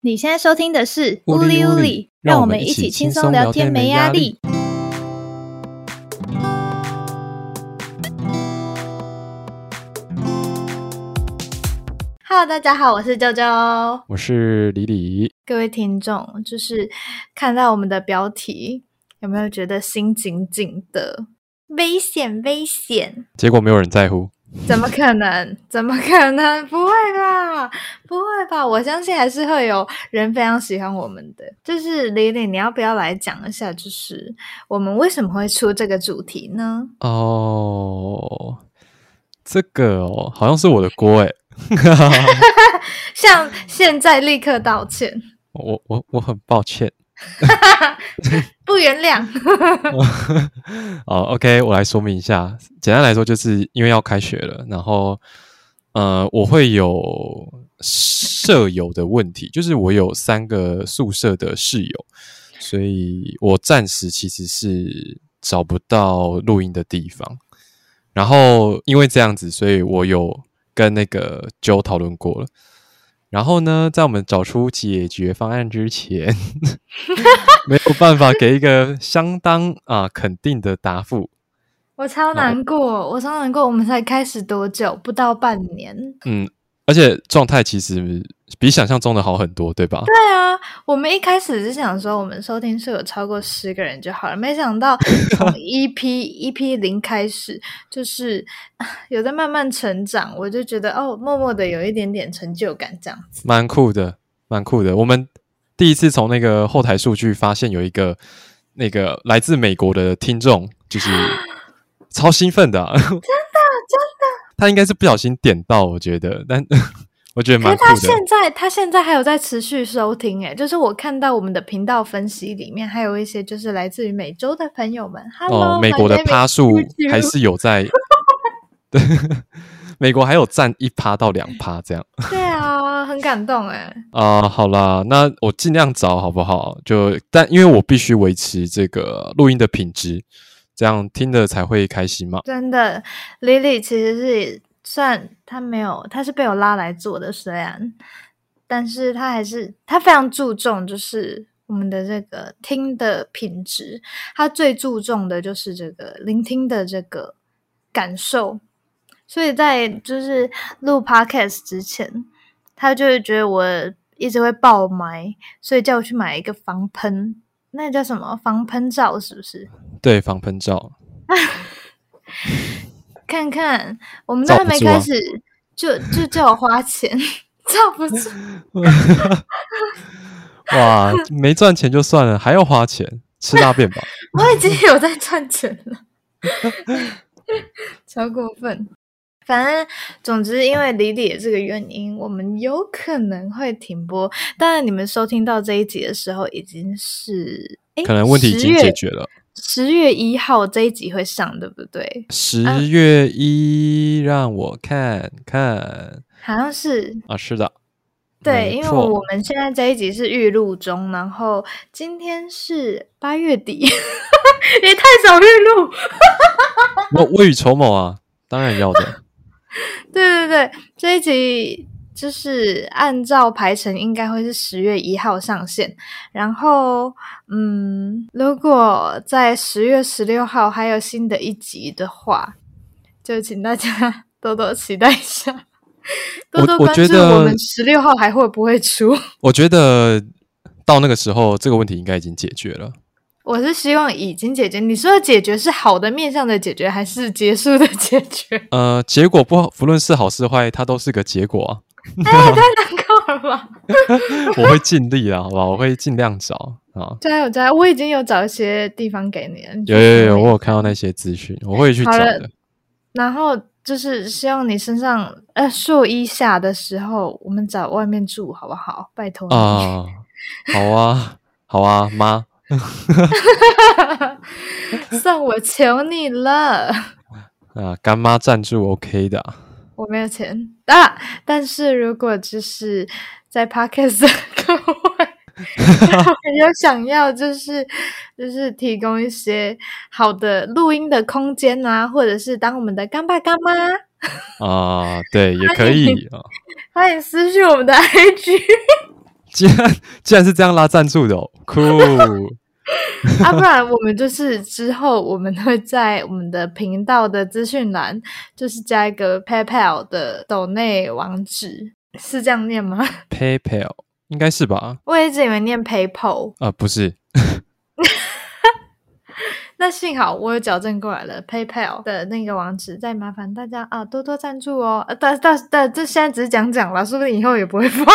你現在收聽的是 Uli u 讓，讓我們一起輕鬆聊天，沒壓力。Hello，大家好，我是 JoJo，jo 我是李李。各位聽眾，就是看到我們的標題，有沒有覺得心緊緊的，危險，危險？結果沒有人在乎。怎麼可能？怎麼可能？不會吧？不會吧？我相信還是會有人非常喜歡我們的。就是李李，你要不要來講一下？就是我們為什麼會出這個主題呢？哦，這個哦，好像是我的鍋欸！ 像現在立刻道歉！我我我很抱歉。 原諒。 哦，OK，我來說明一下。簡單來說，就是因為要開學了，然後，呃，我會有舍友的問題，就是我有三個宿舍的室友，所以我暫時其實是找不到錄音的地方。然後因為這樣子，所以我有跟那個啾討論過了。然後呢，在我們找出解決方案之前， 沒有辦法給一個相當啊、呃、肯定的答覆我超難過，嗯、我超難過，我們才開始多久，不到半年。嗯。而且狀態其實比想象中的好很多，對吧？對啊，我們一開始是想說，我們收聽是有超過十個人就好了，沒想到從 EP 一 EP 零開始，就是有在慢慢成長，我就覺得哦，默默的有一點點成就感，這樣子。蠻酷的，蠻酷的。我們第一次從那個後台數據發現有一個那個來自美國的聽眾，就是超興奮的啊。 他應該是不小心點到，我覺得，但我覺得蠻酷的。他現在，他現在還有在持續收聽，誒，就是我看到我們的頻道分析裡面，還有一些就是來自於美洲的朋友們 Hello，美國的趴數還是有在， 對，美國還有占一趴到兩趴這樣。對啊，很感動誒啊、呃，好啦，那我儘量找好不好？就但因為我必須維持這個錄音的品質。這樣聽的才會開心嗎？真的，Lily 其實是算她沒有，她是被我拉來做的，雖然，但是她還是她非常注重就是我們的這個聽的品質，她最注重的就是這個聆聽的這個感受，所以在就是錄 Podcast 之前，她就會覺得我一直會爆麥，所以叫我去買一個防噴。那叫什麼防噴罩是不是？對，防噴罩。 看看，我們都還沒開始就、啊就，就就叫我花錢，罩不住。 哇，沒賺錢就算了，還要花錢，吃大便吧。 我已經有在賺錢了， 超過分。反正，總之，因為李李的這個原因，我們有可能會停播。當然你們收聽到這一集的時候，已經是、欸、可能問題已經解決了十。十月一號這一集會上，對不對？十月一，啊、讓我看看，好像是啊，是的，對，錯因為我們現在這一集是預錄中，然後今天是八月底，也 太早預錄， 我未雨綢繆啊，當然要的。 對對對，這一集就是按照排程，應該會是十月一號上線。然後，嗯，如果在十月十六號還有新的一集的話，就請大家多多期待一下，多多關注。我們十六號還會不會出？我，我，我覺得到那個時候，這個問題應該已經解決了。我是希望已經解決。你說的解決是好的面向的解決，還是結束的解決？呃，結果不，不論是好是壞，它都是個結果，啊。哎，欸， 太難過了。吧。 我會盡力啦，好不好？我會盡量找啊。加油加油，我已經有找一些地方給你了。有有有，對我有看到那些資訊，我會去找的。然後就是希望你身上呃，樹衣下的時候，我們找外面住好不好？拜托啊。好啊，好啊，媽。哈哈哈！哈 算我求你了啊！乾媽贊助 OK 的，啊，我沒有錢啊。但是如果就是在 Parkes 的各位有想要，就是就是提供一些好的錄音的空間啊，或者是當我們的乾爸乾媽啊，對， 也，也可以。歡迎私訊我們的 IG。 既然，既然是這樣拉贊助的哦、喔，酷！ 啊，不然我們就是之後，我們會在我們的頻道的資訊欄，就是加一個 PayPal 的抖內網址，是這樣念嗎？PayPal 應該是吧？我一直以為念 PayPal 啊，不是。 那幸好我有矯正過來了，PayPal 的那個網址，再麻煩大家啊，多多贊助哦。但但但，這現在只是講講了，說不定以後也不會放。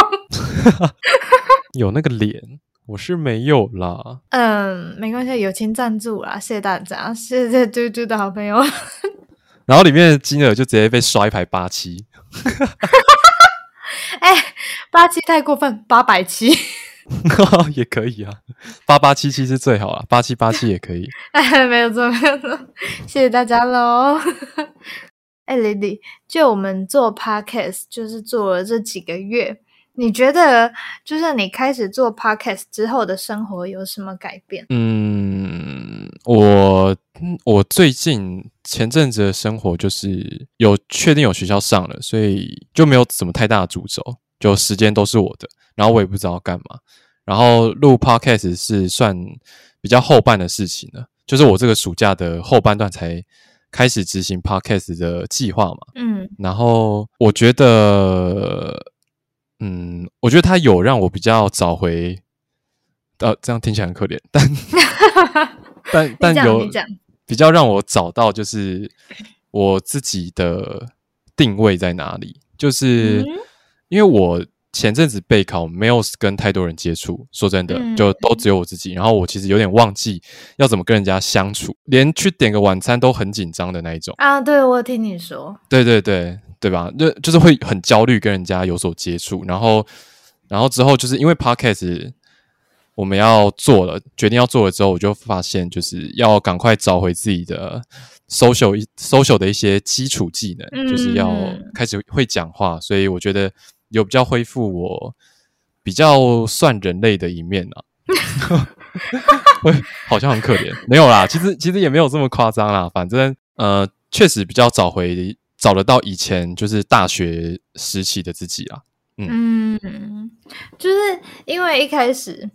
有那個臉，我是沒有啦。嗯，沒關係，友情贊助啦，謝謝大家，謝謝嘟嘟的好朋友。 然後裡面的金額就直接被刷一排八七。哎、 欸，八七太過分，八百七 也可以啊，八八七七是最好啊，八七八七也可以。哎，沒有錯，沒有錯，謝謝大家嘍。哎，李李就我們做 podcast，就是做了這幾個月。你覺得就是你開始做 podcast 之後的生活有什麼改變？嗯，我嗯，我最近前陣子的生活就是有確定有學校上了，所以就沒有怎麼太大的主軸，就時間都是我的。然後我也不知道幹嘛。然後錄 podcast 是算比較後半的事情了，就是我這個暑假的後半段才開始執行 podcast 的計劃嘛。嗯，然後我覺得。嗯，我覺得他有讓我比較找回，呃、啊，這樣聽起來很可憐，但 但但有比較讓我找到就是我自己的定位在哪裡。就是、嗯、因為我前陣子備考沒有跟太多人接觸，說真的，嗯、就都只有我自己。嗯、然後我其實有點忘記要怎麼跟人家相處，連去點個晚餐都很緊張的那一種。啊，對，我有聽你說，對對對。對吧？就就是會很焦慮跟人家有所接觸，然後，然後之後就是因為 Podcast 我們要做了，決定要做了之後，我就發現就是要趕快找回自己的 social social 的一些基礎技能，嗯、就是要開始會講話，所以我覺得有比較恢復我比較算人類的一面啊， 好像很可憐，沒有啦，其實其實也沒有這麼誇張啦，反正呃，確實比較找回。找得到以前就是大學時期的自己啊，嗯，嗯，就是因為一開始，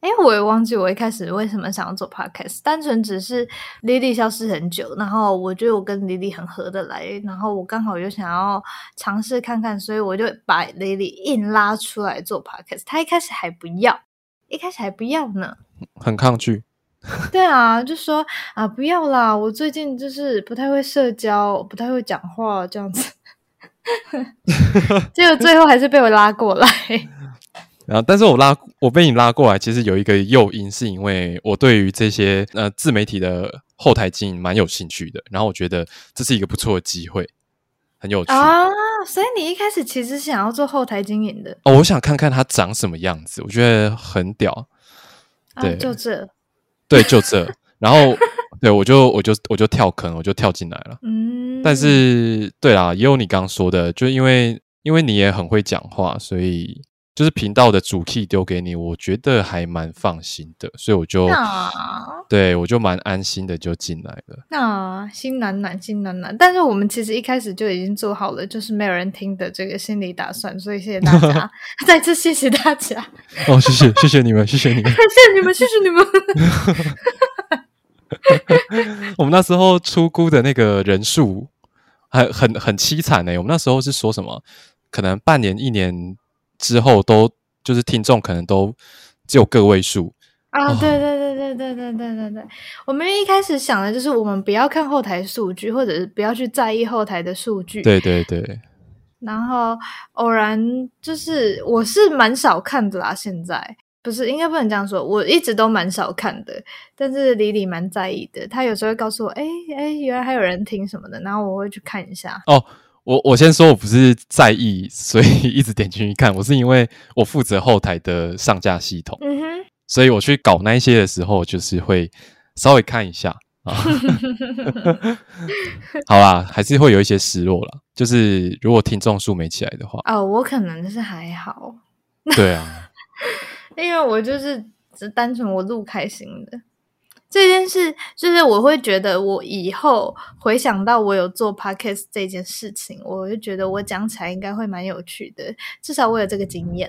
哎、欸，我也忘記我一開始為什麼想要做 Podcast，單純只是 Lily 消失很久，然後我覺得我跟 Lily 很合得來，然後我剛好又想要嘗試看看，所以我就把 Lily 硬拉出來做 Podcast，他一開始還不要，一開始還不要呢，很抗拒。 對啊，就說啊，不要啦！我最近就是不太會社交，不太會講話這樣子， 結果最後還是被我拉過來。然後、 啊，但是我拉我被你拉過來，其實有一個誘因，是因為我對於這些呃自媒體的後台經營蠻有興趣的。然後我覺得這是一個不錯的機會，很有趣啊！所以你一開始其實想要做後台經營的？哦，我想看看他長什麼樣子，我覺得很屌。對，啊、就這。 對，就這，然後對，我就我就我就跳坑，我就跳進來了。嗯，但是對啦，也有你剛剛說的，就因為因為你也很會講話，所以。就是頻道的主 key 丟給你，我覺得還蠻放心的，所以我就、啊、對，我就蠻安心的就進來了。那心暖暖，心暖暖。但是我們其實一開始就已經做好了，就是沒有人聽的這個心理打算。所以謝謝大家， 再次謝謝大家。哦，謝謝，謝謝你們， 謝謝你們，謝謝你們，謝謝你們。我們那時候初估的那個人數，很很很淒慘呢、欸。我們那時候是說什麼？可能半年、一年。之後都就是聽眾可能都只有個位數啊，對、哦、對對對對對對對，我們一開始想的就是我們不要看後台數據，或者是不要去在意後台的數據，對對對。然後偶然就是我是蠻少看的啦，現在不是應該不能這樣說，我一直都蠻少看的，但是李李蠻在意的，他有時候會告訴我，哎、欸、哎、欸，原來還有人聽什麼的，然後我會去看一下哦。我我先說，我不是在意，所以一直點進去看。我是因為我負責後台的上架系統，嗯哼，所以我去搞那一些的時候，就是會稍微看一下啊。 好吧，還是會有一些失落啦。就是如果聽眾數沒起來的話，哦，我可能是還好。對啊，因為我就是只單純我錄開心的。這件事就是我會覺得，我以後回想到我有做 Podcast 這件事情，我就覺得我講起來應該會蠻有趣的，至少我有這個經驗。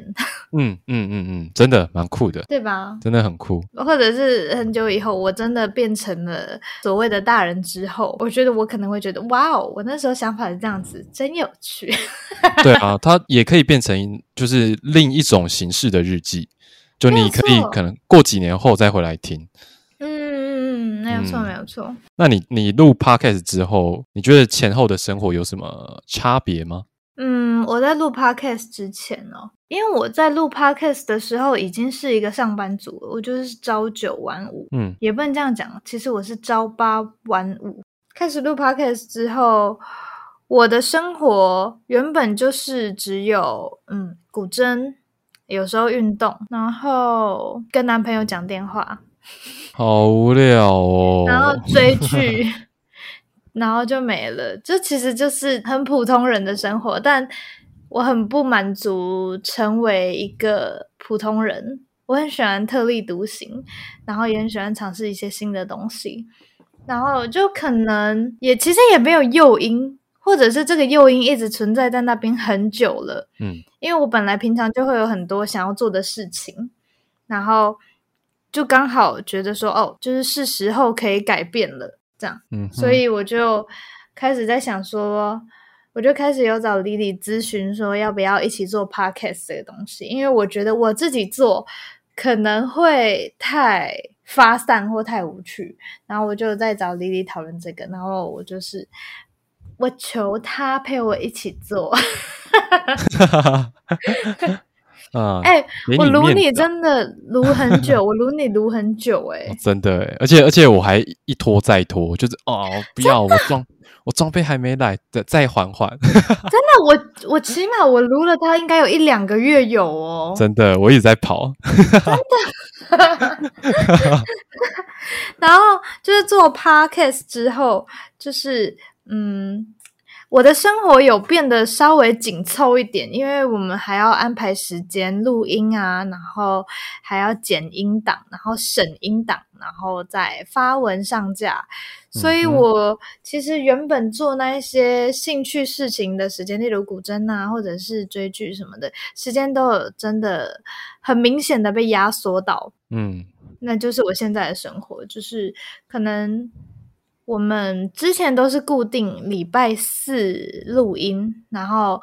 嗯嗯嗯嗯，真的蠻酷的，對吧？真的很酷。或者是很久以後，我真的變成了所謂的大人之後，我覺得我可能會覺得，哇哦，我那時候想法是這樣子，真有趣。 對啊，它也可以變成就是另一種形式的日記，就你可以可能過幾年後再回來聽。沒有錯，嗯、沒有錯。那你你錄 Podcast 之後，你覺得前後的生活有什麼差別嗎？嗯，我在錄 Podcast 之前哦，因為我在錄 Podcast 的時候已經是一個上班族了，我就是朝九晚五，嗯，也不能這樣講，其實我是朝八晚五。開始錄 Podcast 之後，我的生活原本就是只有嗯，古箏，有時候運動，然後跟男朋友講電話。好無聊哦，然後追劇， 然後就沒了，就其實就是很普通人的生活，但我很不滿足成為一個普通人。我很喜歡特立獨行，然後也很喜歡嘗試一些新的東西，然後就可能也其實也沒有誘因，或者是這個誘因一直存在在那邊很久了。嗯，因為我本來平常就會有很多想要做的事情，然後就剛好覺得說，哦，就是是時候可以改變了，這樣，嗯哼，所以我就開始在想說，我就開始有找李李諮詢說，要不要一起做 Podcast 這個東西。因為我覺得我自己做可能會太發散或太無趣，然後我就在找李李討論這個，然後我就是我求他陪我一起做。 嗯欸、啊！我盧你真的盧很久， 我盧你盧很久、欸哦，真的，而且而且我還一拖再拖，就是哦，不要，的我裝我裝備還沒來，再再緩緩。 真的，我我起碼我盧了他應該有一兩個月有哦。 真的，我一直在跑。 真的。然後就是做 Podcast 之後，就是嗯。我的生活有變得稍微緊湊一點，因為我們還要安排時間錄音啊，然後還要剪音檔，然後審音檔，然後再發文上架。所以，我其實原本做那一些興趣事情的時間，例如古箏啊，或者是追劇什麼的，時間都有真的很明顯的被壓縮到。嗯，那就是我現在的生活，就是可能。我們之前都是固定禮拜四錄音，然後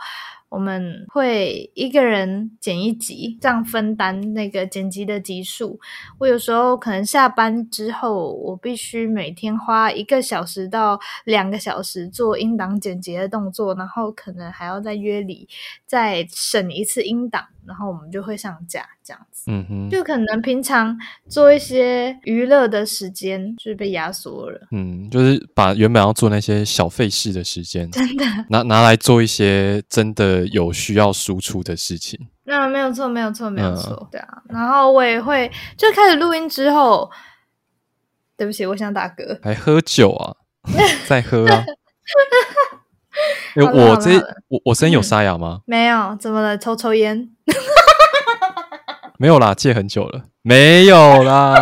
我們會一個人剪一集，這樣分擔那個剪輯的集數。我有時候可能下班之後，我必須每天花一個小時到兩個小時做音檔剪輯的動作，然後可能還要再約你，再審一次音檔。然後我們就會上架這樣子，嗯哼，就可能平常做一些娛樂的時間，就是被壓縮了，嗯，就是把原本要做那些小費事的時間，真的拿拿來做一些真的有需要輸出的事情。那沒有錯，沒有錯，沒有錯，嗯、對啊。然後我也會就開始錄音之後，對不起，我想打嗝，還喝酒啊，在 喝、啊。 哎，我這我我聲音有沙啞嗎？沒有，怎麼了？抽抽煙？沒有啦，戒很久了，沒有啦，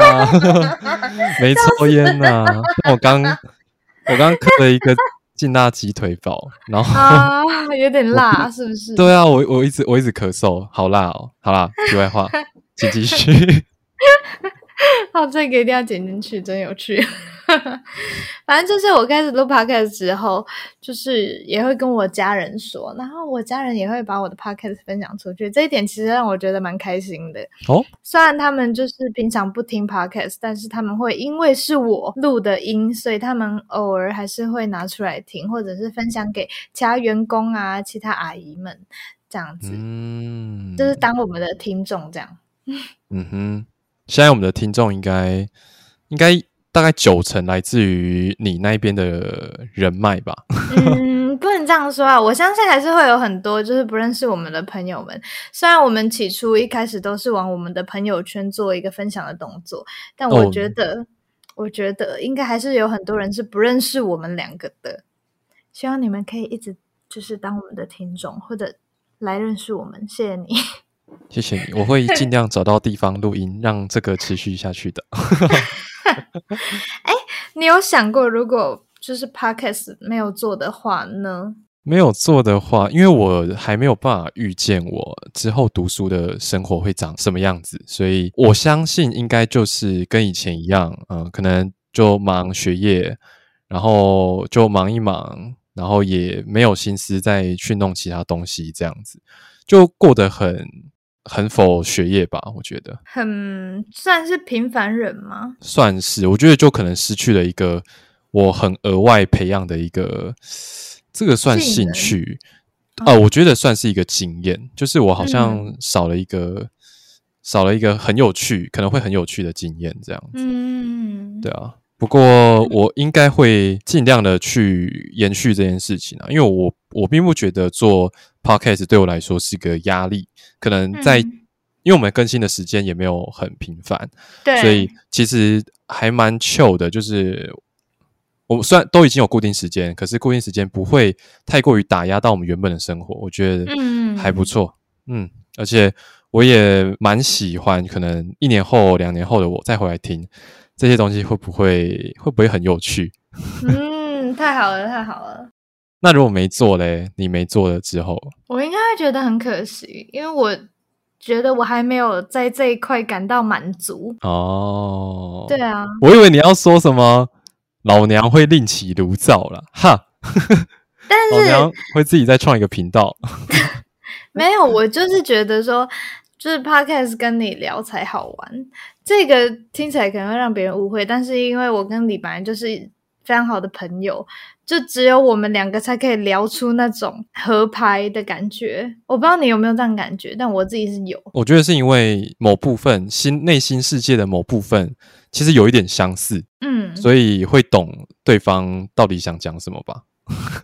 沒抽煙啊。我剛我剛嗑了一個勁辣雞腿堡，然後有點辣，是不是？對啊，我我一直我一直咳嗽，好辣哦。好啦，題外話，請繼續。好，這個一定要剪進去，真有趣。 反正就是我開始錄 Podcast 的時候，就是也會跟我家人說，然後我家人也會把我的 Podcast 分享出去。這一點其實讓我覺得蠻開心的哦。雖然他們就是平常不聽 Podcast，但是他們會因為是我錄的音，所以他們偶爾還是會拿出來聽，或者是分享給其他員工啊、其他阿姨們這樣子。嗯，就是當我們的聽眾這樣。 嗯哼，現在我們的聽眾應該，應該。大概九成來自於你那邊的人脈吧。嗯，不能這樣說啊！我相信還是會有很多就是不認識我們的朋友們。雖然我們起初一開始都是往我們的朋友圈做一個分享的動作，但我覺得，哦，我覺得應該還是有很多人是不認識我們兩個的。希望你們可以一直就是當我們的聽眾，或者來認識我們。謝謝你，謝謝你！我會盡量找到地方錄音， 讓這個持續下去的。 哎， 你有想過，如果就是 Podcast 沒有做的話呢？沒有做的話，因為我還沒有辦法預見我之後讀書的生活會長什麼樣子，所以我相信應該就是跟以前一樣，嗯、呃，可能就忙學業，然後就忙一忙，然後也沒有心思再去弄其他東西，這樣子就過得很。很否學業吧，我覺得很算是平凡人嗎？算是，我覺得就可能失去了一個我很額外培養的一個，這個算興趣、哦、啊？我覺得算是一個經驗，就是我好像少了一個，嗯、少了一個很有趣，可能會很有趣的經驗，這樣子。嗯，對啊。不過我應該會盡量的去延續這件事情啊，因為我。我並不覺得做 podcast 對我來說是個壓力，可能在、嗯、因為我們更新的時間也沒有很頻繁，對所以其實還蠻 chill 的，就是我們雖然都已經有固定時間，可是固定時間不會太過於打壓到我們原本的生活，我覺得還不錯，嗯，嗯，而且我也蠻喜歡，可能一年後、兩年後的我再回來聽這些東西，會不會會不會很有趣？嗯，太好了，太好了。那如果沒做嘞，你沒做了之後，我應該會覺得很可惜，因為我覺得我還沒有在這一塊感到滿足。哦，對啊，我以為你要說什麼老娘會另起爐灶了，哈，但是老娘會自己再創一個頻道。 沒有，我就是覺得說，就是 podcast 跟你聊才好玩，這個聽起來可能會讓別人誤會，但是因為我跟李李就是非常好的朋友。就只有我們兩個才可以聊出那種合拍的感覺，我不知道你有沒有這樣的感覺，但我自己是有。我覺得是因為某部分心內心世界的某部分其實有一點相似，嗯，所以會懂對方到底想講什麼吧。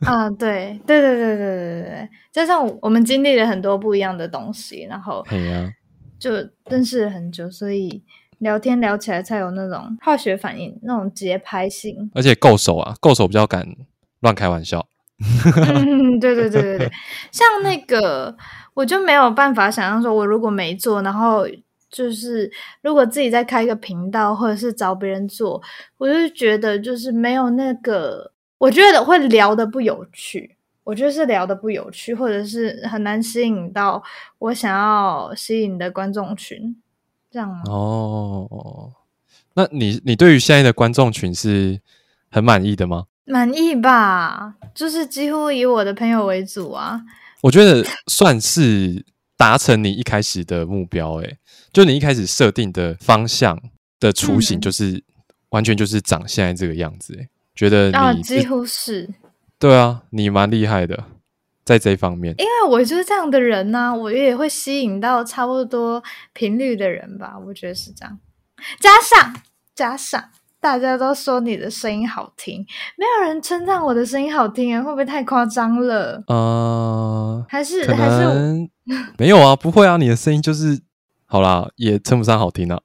啊，對對對對對對對對，加上我們經歷了很多不一樣的東西，然後，對呀，就認識了很久，所以聊天聊起來才有那種化學反應，那種節拍性，而且夠熟啊，夠熟比較敢。亂開玩笑， 嗯，對對對對對，像那個我就沒有辦法想象說，我如果沒做，然後就是如果自己再開一個頻道，或者是找別人做，我就覺得就是沒有那個，我覺得會聊得不有趣，我覺得是聊得不有趣，或者是很難吸引到我想要吸引的觀眾群，這樣嗎？哦，那你你對於現在的觀眾群是很滿意的嗎？滿意吧，就是幾乎以我的朋友為主啊。我覺得算是達成你一開始的目標，欸，誒，就你一開始設定的方向的雛形，就是、嗯、完全就是長現在這個樣子，欸。覺得你、哦，幾乎是。欸、對啊，你蠻厲害的，在這方面。因為我就是這樣的人呢，啊，我也會吸引到差不多頻率的人吧，我覺得是這樣。加上，加上。大家都說你的聲音好聽，沒有人稱讚我的聲音好聽、欸、會不會太誇張了？啊、呃，還是可能還是我沒有啊，不會啊，你的聲音就是好啦，也稱不上好聽啊。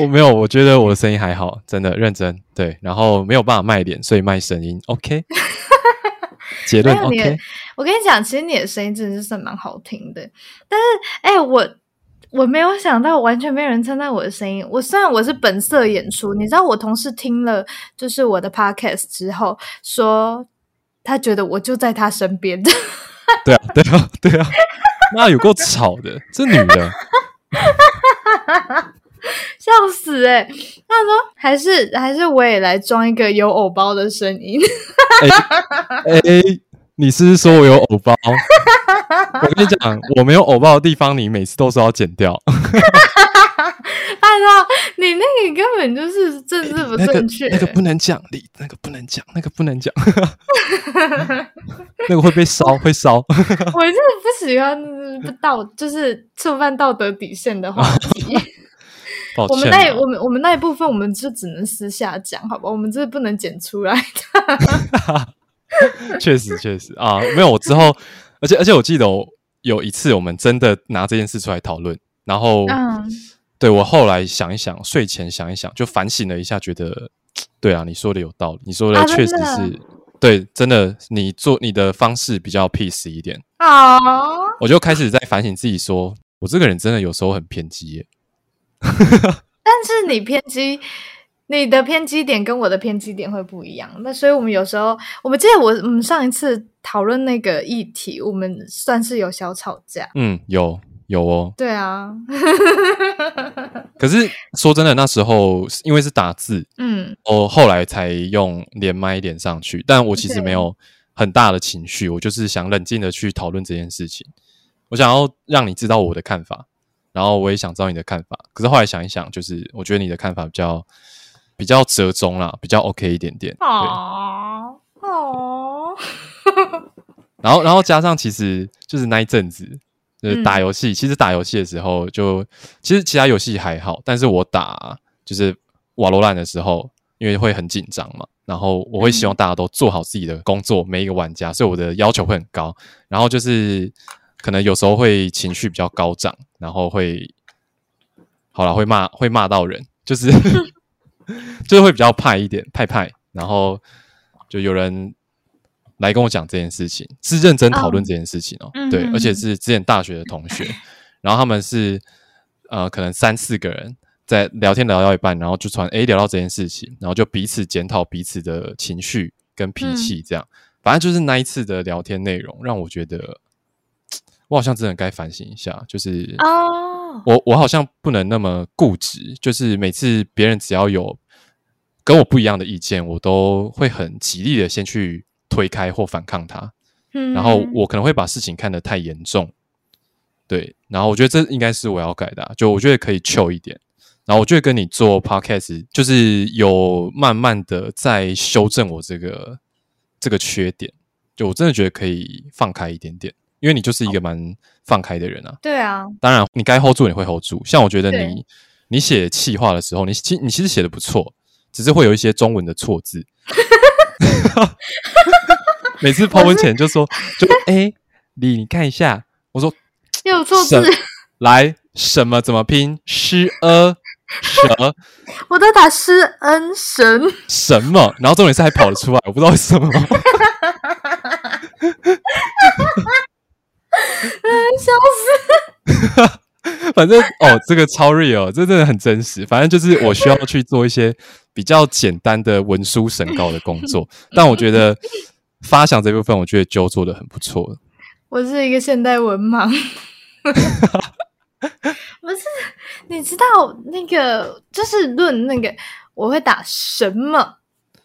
我沒有，我覺得我的聲音還好，真的認真對，然後沒有辦法賣臉，所以賣聲音。OK， 結論論 OK。我跟你講，其實你的聲音真的是蠻好聽的，但是哎、欸，我。我沒有想到完全沒有人稱讚我的聲音。我雖然我是本色演出，你知道我同事聽了就是我的 podcast 之後，說他覺得我就在他身邊。對啊，對啊，對啊，那有夠吵的，這女的， 笑死哎、欸！他說還是還是我也來裝一個有偶包的聲音。哎、欸欸，你是不是說我有偶包？ 我跟你講，我沒有偶包的地方，你每次都是要剪掉。按 照你那個根本就是政治不正確，那個、那個不能講，理，那個不能講，那個不能講， 那個會被燒，會燒。 我真的不喜歡不道，就是觸犯道德底線的話題。 抱歉、啊我，我們那我們我們那一部分，我們就只能私下講，好吧？我們這不能剪出來的。 確實，確實啊，沒有我之後。而且而且，而且我記得我有一次，我們真的拿這件事出來討論，然後、嗯、對我後來想一想，睡前想一想，就反省了一下，覺得對啊，你說的有道理，你說的確實是、啊、對，真的，你做你的方式比較 peace 一點，好、哦，我就開始在反省自己說，說我這個人真的有時候很偏激耶， 但是你偏激。你的偏激點跟我的偏激點會不一樣，那所以我們有時候，我們記得我們上一次討論那個議題，我們算是有小吵架。嗯，有有哦。對啊。 可是說真的，那時候因為是打字，嗯，我後來才用連麥一點上去，但我其實沒有很大的情緒，對我就是想冷靜的去討論這件事情。我想要讓你知道我的看法，然後我也想知道你的看法。可是後來想一想，就是我覺得你的看法比較。比較折中啦，比較 OK 一點點。哦哦，然後然後加上，其實就是那一陣子，就是打遊戲。嗯、其實打遊戲的時候就，就其實其他遊戲還好，但是我打就是《瓦羅蘭》的時候，因為會很緊張嘛，然後我會希望大家都做好自己的工作，嗯、每一個玩家，所以我的要求會很高。然後就是可能有時候會情緒比較高漲，然後會好啦會罵會罵到人，就是。 就會比較派一點，派派，然後就有人來跟我講這件事情，是認真討論這件事情哦，oh. 對，而且是之前大學的同學， 然後他們是呃，可能三四個人在聊天聊到一半，然後就傳 A 聊到這件事情，然後就彼此檢討彼此的情緒跟脾氣，這樣，oh. 反正就是那一次的聊天內容讓我覺得我好像真的該反省一下，就是、oh. 我我好像不能那麼固執，就是每次別人只要有跟我不一樣的意見，我都會很極力的先去推開或反抗他。嗯，然後我可能會把事情看得太嚴重，對。然後我覺得這應該是我要改的啊，就我覺得可以 chill 一點。然後我就會跟你做 podcast，就是有慢慢的在修正我這個這個缺點。就我真的覺得可以放開一點點。因為你就是一個蠻放開的人啊，對啊，當然你該 hold 住，你會 hold 住。像我覺得你，對你寫氣話的時候，你其你其實寫得不錯，只是會有一些中文的錯字。 每次拋文前就說，是就哎，你、欸、你看一下，我說又有錯字，來，什麼怎麼拼？詩呃、啊，蛇，我都打詩恩神什麼，然後重點是還跑得出來，我不知道為什麼。 笑死！ 反正哦，這個超 real，這真的很真實。反正就是我需要去做一些比較簡單的文書審稿的工作，但我覺得發想這部分，我覺得就做的很不錯。我是一個現代文盲， 不是？你知道那個就是論那個我會打什麼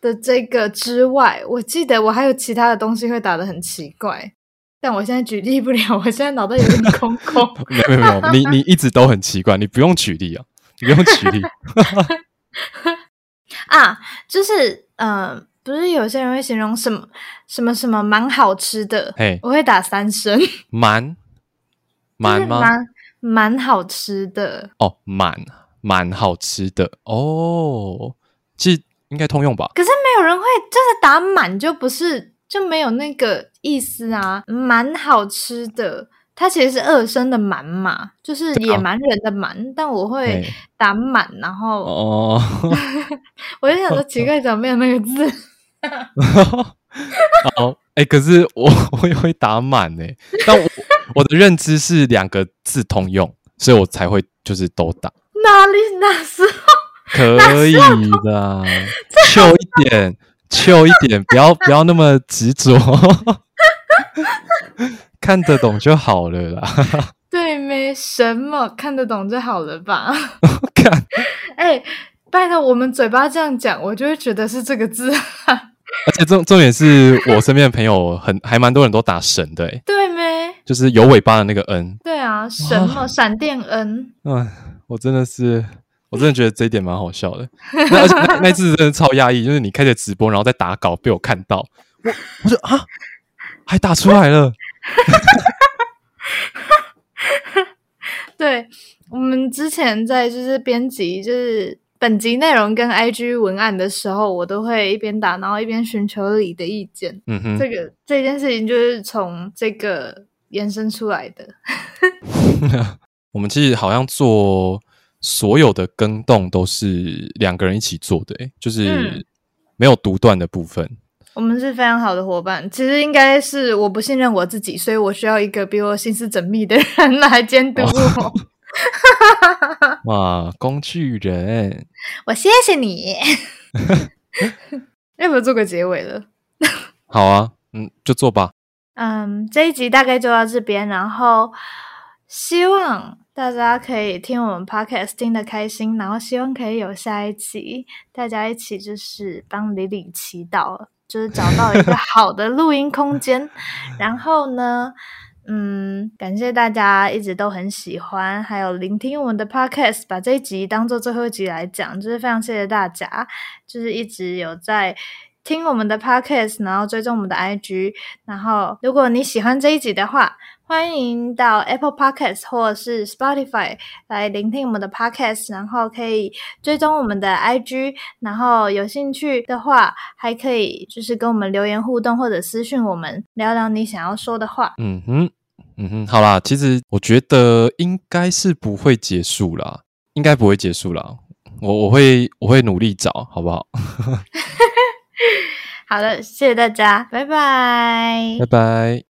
的這個之外，我記得我還有其他的東西會打的很奇怪。但我現在舉例不了，我現在腦袋有點空空。沒有沒有，你你一直都很奇怪，你不用舉例啊，你不用舉例。 啊，就是嗯、呃，不是有些人會形容什麼什麼什麼蠻好吃的，哎，Hey, 我會打三聲。蠻蠻蠻蠻好吃的哦，蠻蠻好吃的哦，這應該通用吧？可是沒有人會就是打滿就不是。就沒有那個意思啊，蠻好吃的。它其實是二聲的蠻嘛，就是野蠻人的蠻，嗯、但我會打滿，嗯、然後哦， 我就想說奇怪，哦、怎麼沒有那個字？哦，哎、 哦欸，可是我我會打滿哎、欸，但我 我的認知是兩個字通用，所以我才會就是都打哪裡哪是？可以的，秀一點。 Chill 一點， 不要不要那麼執着， 看得懂就好了啦。 對，沒，沒什麼，看得懂就好了吧。看， 哎，拜托我們嘴巴這樣講，我就會覺得是這個字啊。 而且重重點是我身邊的朋友很還蠻多人都打神，對對咩，就是有尾巴的那個恩，對啊，神閃哇電 n。嗯，我真的是。我真的覺得這一點蠻好笑的，那那那次真的超壓抑，就是你開着直播，然後在打稿被我看到，我我說啊，還打出來了。 對我們之前在就是編輯就是本集內容跟 IG 文案的時候，我都會一邊打，然後一邊尋求你的意見。嗯哼，這個這件事情就是從這個延伸出來的。 我們其實好像做。所有的更動都是兩個人一起做的、欸，就是沒有獨斷的部分、嗯。我們是非常好的伙伴。其實應該是我不信任我自己，所以我需要一個比我心思縝密的人來監督我。哇, 哇，工具人！我謝謝你。要不要做個結尾了？好啊，嗯，就做吧。嗯，這一集大概就到這邊，然後。希望大家可以聽我們 podcast 聽得開心，然後希望可以有下一集，大家一起就是幫李李祈禱，就是找到一個好的錄音空間。 然後呢，嗯，感謝大家一直都很喜歡，還有聆聽我們的 podcast，把這一集當做最後一集來講，就是非常謝謝大家，就是一直有在聽我們的 podcast，然後追蹤我們的 IG，然後如果你喜歡這一集的話，歡迎到 Apple Podcast 或者是 Spotify 來聆聽我們的 Podcast，然後可以追蹤我們的 IG，然後有興趣的話，還可以就是跟我們留言互動或者私訊我們聊聊你想要說的話。嗯哼，嗯哼，好啦，其實我覺得應該是不會結束啦，應該不會結束啦。我我會我會努力找，好不好？ 好了，謝謝大家，拜拜，拜拜。